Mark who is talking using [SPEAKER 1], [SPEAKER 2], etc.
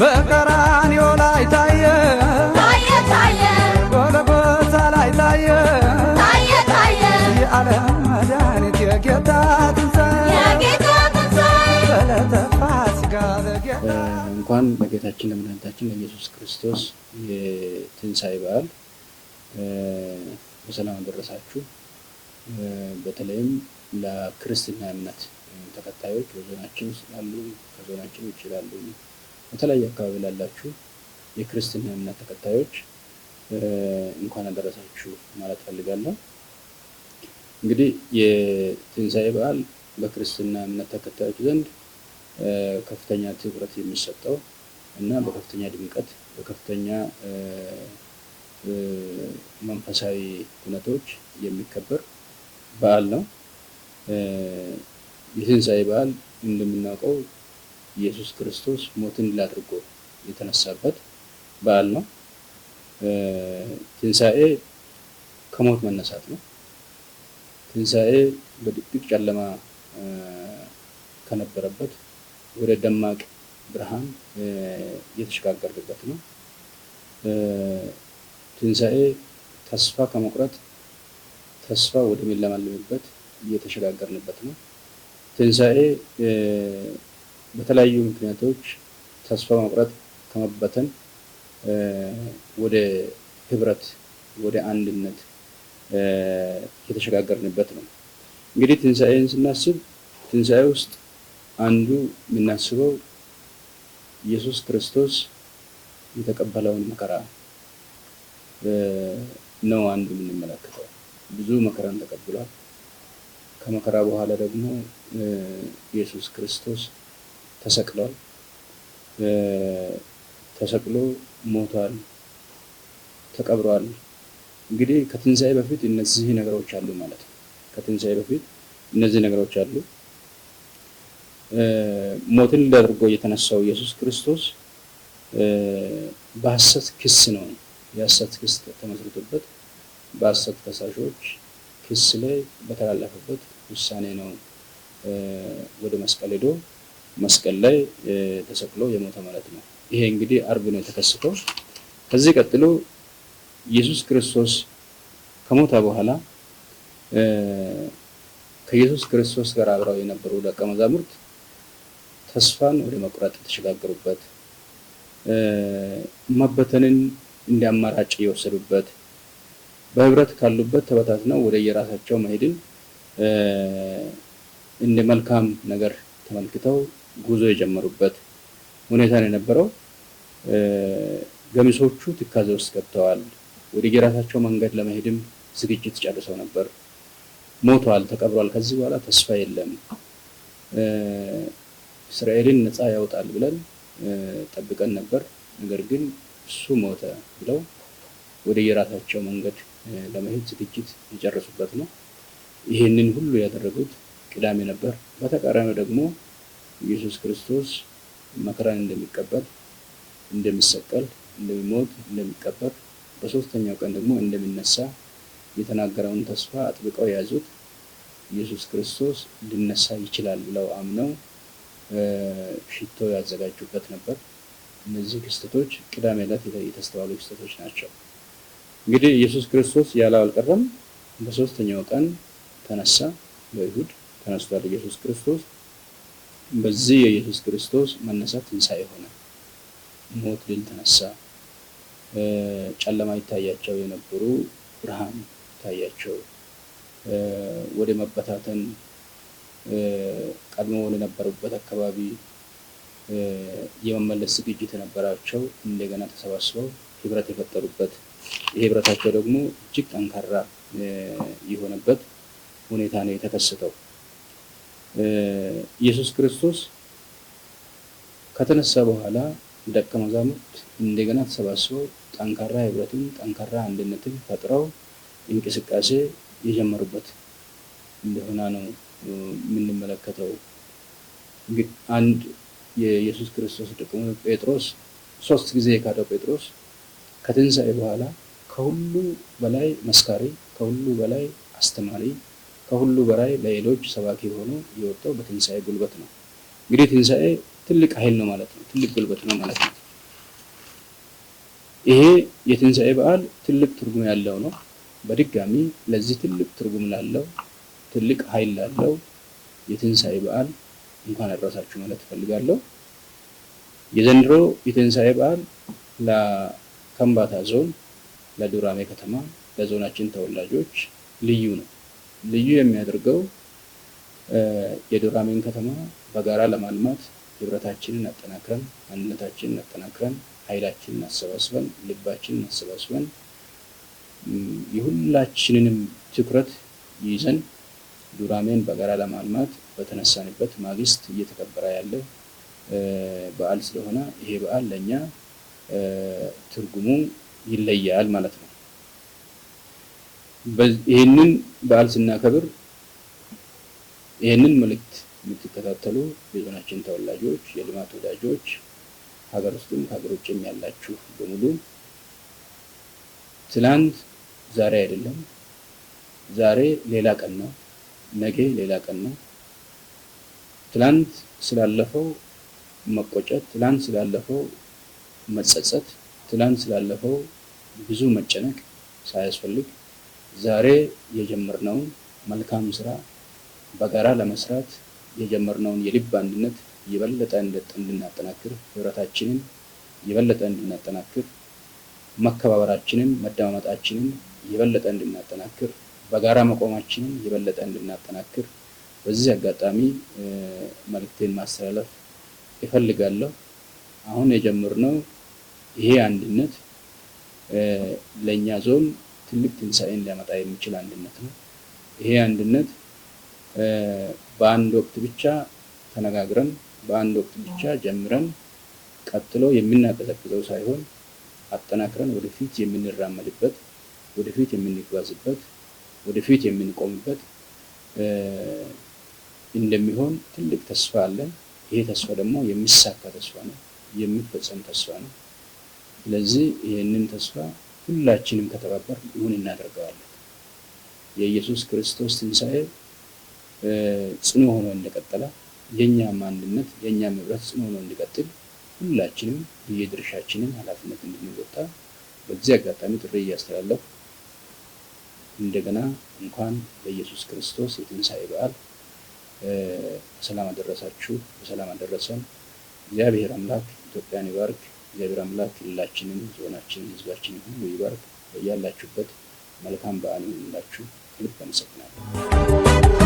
[SPEAKER 1] በቀራንዮ ላይ ታየ ታየ ታየ ጎልጎታ ላይ ታየ ታየ ታየ የዓለም መድኃኒት የጌታ ትንሣኤ የጌታ ትንሣኤ በዕለተ ፋሲካ በጌታ እንኳን ለጌታችን ለመድኃኒታችን ለኢየሱስ ክርስቶስ የትንሣኤ በዓል በሰላም አደረሳችሁ። በተለይም ለክርስትና እምነት ተከታዮች በዞናችን ውስጥ ላሉ ከዞናችን ውጭ ላሉ በተለያየ አካባቢ ላላችሁ የክርስትና እምነት ተከታዮች እንኳን አደረሳችሁ ማለት ፈልጋለሁ። እንግዲህ የትንሣኤ በዓል በክርስትና እምነት ተከታዮች ዘንድ ከፍተኛ ትኩረት የሚሰጠው እና በከፍተኛ ድምቀት በከፍተኛ መንፈሳዊ ሁነቶች የሚከበር በዓል ነው። የትንሣኤ በዓል እንደምናውቀው ኢየሱስ ክርስቶስ ሞትን ድል አድርጎ የተነሳበት በዓል ነው። ትንሣኤ ከሞት መነሳት ነው። ትንሣኤ በድቅድቅ ጨለማ ከነበረበት ወደ ደማቅ ብርሃን የተሸጋገርበት ነው። ትንሣኤ ተስፋ ከመቁረጥ ተስፋ ወደሚለማልምበት እየተሸጋገርንበት ነው። ትንሣኤ በተለያዩ ምክንያቶች ተስፋ መቁረጥ ከመበተን ወደ ህብረት ወደ አንድነት የተሸጋገርንበት ነው። እንግዲህ ትንሣኤን ስናስብ ትንሣኤ ውስጥ አንዱ የምናስበው ኢየሱስ ክርስቶስ የተቀበለውን መከራ ነው። አንዱ የምንመለከተው ብዙ መከራን ተቀብሏል። ከመከራ በኋላ ደግሞ ኢየሱስ ክርስቶስ ተሰቅሏል። ተሰቅሎ ሞቷል፣ ተቀብሯል። እንግዲህ ከትንሣኤ በፊት እነዚህ ነገሮች አሉ ማለት ነው። ከትንሣኤ በፊት እነዚህ ነገሮች አሉ። ሞትን ድል አድርጎ የተነሳው ኢየሱስ ክርስቶስ በሐሰት ክስ ነው። የሐሰት ክስ ተመስርቶበት በሐሰት ከሳሾች ክስ ላይ በተላለፈበት ውሳኔ ነው ወደ መስቀል ሄዶ መስቀል ላይ ተሰቅሎ የሞተ ማለት ነው። ይሄ እንግዲህ አርብ ነው የተከሰተው። ከዚህ ቀጥሎ ኢየሱስ ክርስቶስ ከሞተ በኋላ ከኢየሱስ ክርስቶስ ጋር አብረው የነበሩ ደቀ መዛሙርት ተስፋን ወደ መቁረጥ የተሸጋገሩበት መበተንን እንደ አማራጭ የወሰዱበት በህብረት ካሉበት ተበታትነው ወደ የራሳቸው መሄድን እንደ መልካም ነገር ተመልክተው ጉዞ የጀመሩበት ሁኔታ ነው የነበረው። ገሚሶቹ ትካዜ ውስጥ ገብተዋል። ወደ የራሳቸው መንገድ ለመሄድም ዝግጅት ጨርሰው ነበር። ሞቷል፣ ተቀብሯል። ከዚህ በኋላ ተስፋ የለም። እስራኤልን ነፃ ያወጣል ብለን ጠብቀን ነበር። ነገር ግን እሱ ሞተ ብለው ወደ የራሳቸው መንገድ ለመሄድ ዝግጅት የጨረሱበት ነው። ይህንን ሁሉ ያደረጉት ቅዳሜ ነበር። በተቃራኒው ደግሞ ኢየሱስ ክርስቶስ መከራን እንደሚቀበል፣ እንደሚሰቀል፣ እንደሚሞት፣ እንደሚቀበር በሶስተኛው ቀን ደግሞ እንደሚነሳ የተናገረውን ተስፋ አጥብቀው የያዙት ኢየሱስ ክርስቶስ ሊነሳ ይችላል ብለው አምነው ሽቶ ያዘጋጁበት ነበር። እነዚህ ክስተቶች ቅዳሜ ዕለት የተስተዋሉ ክስተቶች ናቸው። እንግዲህ ኢየሱስ ክርስቶስ ያለው አልቀረም። በሶስተኛው ቀን ተነሳ። በይሁድ ተነስቷል ኢየሱስ ክርስቶስ በዚህ የኢየሱስ ክርስቶስ መነሳት ትንሣኤ ሆነ። ሞት ድል ተነሳ። ጨለማ ይታያቸው የነበሩ ብርሃን ይታያቸው፣ ወደ መበታተን ቀድሞ ወደ ነበሩበት አካባቢ የመመለስ ዝግጅት የነበራቸው እንደገና ተሰባስበው ህብረት የፈጠሩበት ይህ ህብረታቸው ደግሞ እጅግ ጠንካራ የሆነበት ሁኔታ ነው የተከሰተው። ኢየሱስ ክርስቶስ ከተነሳ በኋላ ደቀ መዛሙርት እንደገና ተሰባስበው ጠንካራ ህብረትን፣ ጠንካራ አንድነትን ፈጥረው እንቅስቃሴ የጀመሩበት እንደሆነ ነው የምንመለከተው። አንድ የኢየሱስ ክርስቶስ ደቀ መዛሙርት ጴጥሮስ ሶስት ጊዜ የካደው ጴጥሮስ ከትንሣኤ በኋላ ከሁሉ በላይ መስካሪ፣ ከሁሉ በላይ አስተማሪ ከሁሉ በላይ ለሌሎች ሰባኪ ሆኖ የወጣው በትንሳኤ ጉልበት ነው። እንግዲህ ትንሳኤ ትልቅ ኃይል ነው ማለት ነው። ትልቅ ጉልበት ነው ማለት ነው። ይሄ የትንሳኤ በዓል ትልቅ ትርጉም ያለው ነው። በድጋሚ ለዚህ ትልቅ ትርጉም ላለው ትልቅ ኃይል ላለው የትንሳኤ በዓል እንኳን አደረሳችሁ ማለት እፈልጋለሁ። የዘንድሮ የትንሳኤ በዓል ለከምባታ ዞን፣ ለዱራሜ ከተማ፣ ለዞናችን ተወላጆች ልዩ ነው። ልዩ የሚያደርገው የዱራሜን ከተማ በጋራ ለማልማት ህብረታችንን አጠናክረን አንድነታችንን አጠናክረን ኃይላችንን አሰባስበን ልባችንን አሰባስበን የሁላችንንም ትኩረት ይዘን ዱራሜን በጋራ ለማልማት በተነሳንበት ማግስት እየተከበረ ያለ በዓል ስለሆነ ይሄ በዓል ለእኛ ትርጉሙ ይለያል ማለት ነው። ይህንን በዓል ስናከብር ይህንን መልእክት የምትከታተሉ የዞናችን ተወላጆች፣ የልማት ወዳጆች፣ ሀገር ውስጥም ከሀገር ውጭም ያላችሁ በሙሉ ትናንት ዛሬ አይደለም፣ ዛሬ ሌላ ቀን ነው፣ ነገ ሌላ ቀን ነው። ትናንት ስላለፈው መቆጨት፣ ትናንት ስላለፈው መጸጸት፣ ትናንት ስላለፈው ብዙ መጨነቅ ሳያስፈልግ ዛሬ የጀመርነውን መልካም ስራ በጋራ ለመስራት የጀመርነውን የልብ አንድነት የበለጠ እንድናጠናክር፣ ህብረታችንን የበለጠ እንድናጠናክር፣ መከባበራችንን፣ መደማመጣችንን የበለጠ እንድናጠናክር፣ በጋራ መቆማችንን የበለጠ እንድናጠናክር በዚህ አጋጣሚ መልእክቴን ማስተላለፍ ይፈልጋለሁ። አሁን የጀመርነው ይሄ አንድነት ለእኛ ዞን ትልቅ ትንሳኤን ሊያመጣ የሚችል አንድነት ነው። ይሄ አንድነት በአንድ ወቅት ብቻ ተነጋግረን በአንድ ወቅት ብቻ ጀምረን ቀጥሎ የምናቀዘቅዘው ሳይሆን አጠናክረን ወደፊት የምንራመድበት ወደፊት የምንጓዝበት ወደፊት የምንቆምበት እንደሚሆን ትልቅ ተስፋ አለን። ይሄ ተስፋ ደግሞ የሚሳካ ተስፋ ነው፣ የሚፈጸም ተስፋ ነው። ስለዚህ ይህንን ተስፋ ሁላችንም ከተባበር ይሁን እናደርገዋለን። የኢየሱስ ክርስቶስ ትንሣኤ ጽኑ ሆኖ እንደቀጠለ የእኛም አንድነት የእኛም ህብረት ጽኑ ሆኖ እንዲቀጥል ሁላችንም የድርሻችንን ኃላፊነት እንድንወጣ በዚህ አጋጣሚ ጥሪ እያስተላለፍ እንደገና እንኳን ለኢየሱስ ክርስቶስ የትንሣኤ በዓል በሰላም አደረሳችሁ፣ በሰላም አደረሰን። እግዚአብሔር አምላክ ኢትዮጵያን ይባርክ። እግዚአብሔር አምላክ ክልላችንን፣ ዞናችንን፣ ህዝባችንን ሁሉ ይባርክ። ያላችሁበት መልካም በዓል ይሁንላችሁ። ልብ አመሰግናለሁ።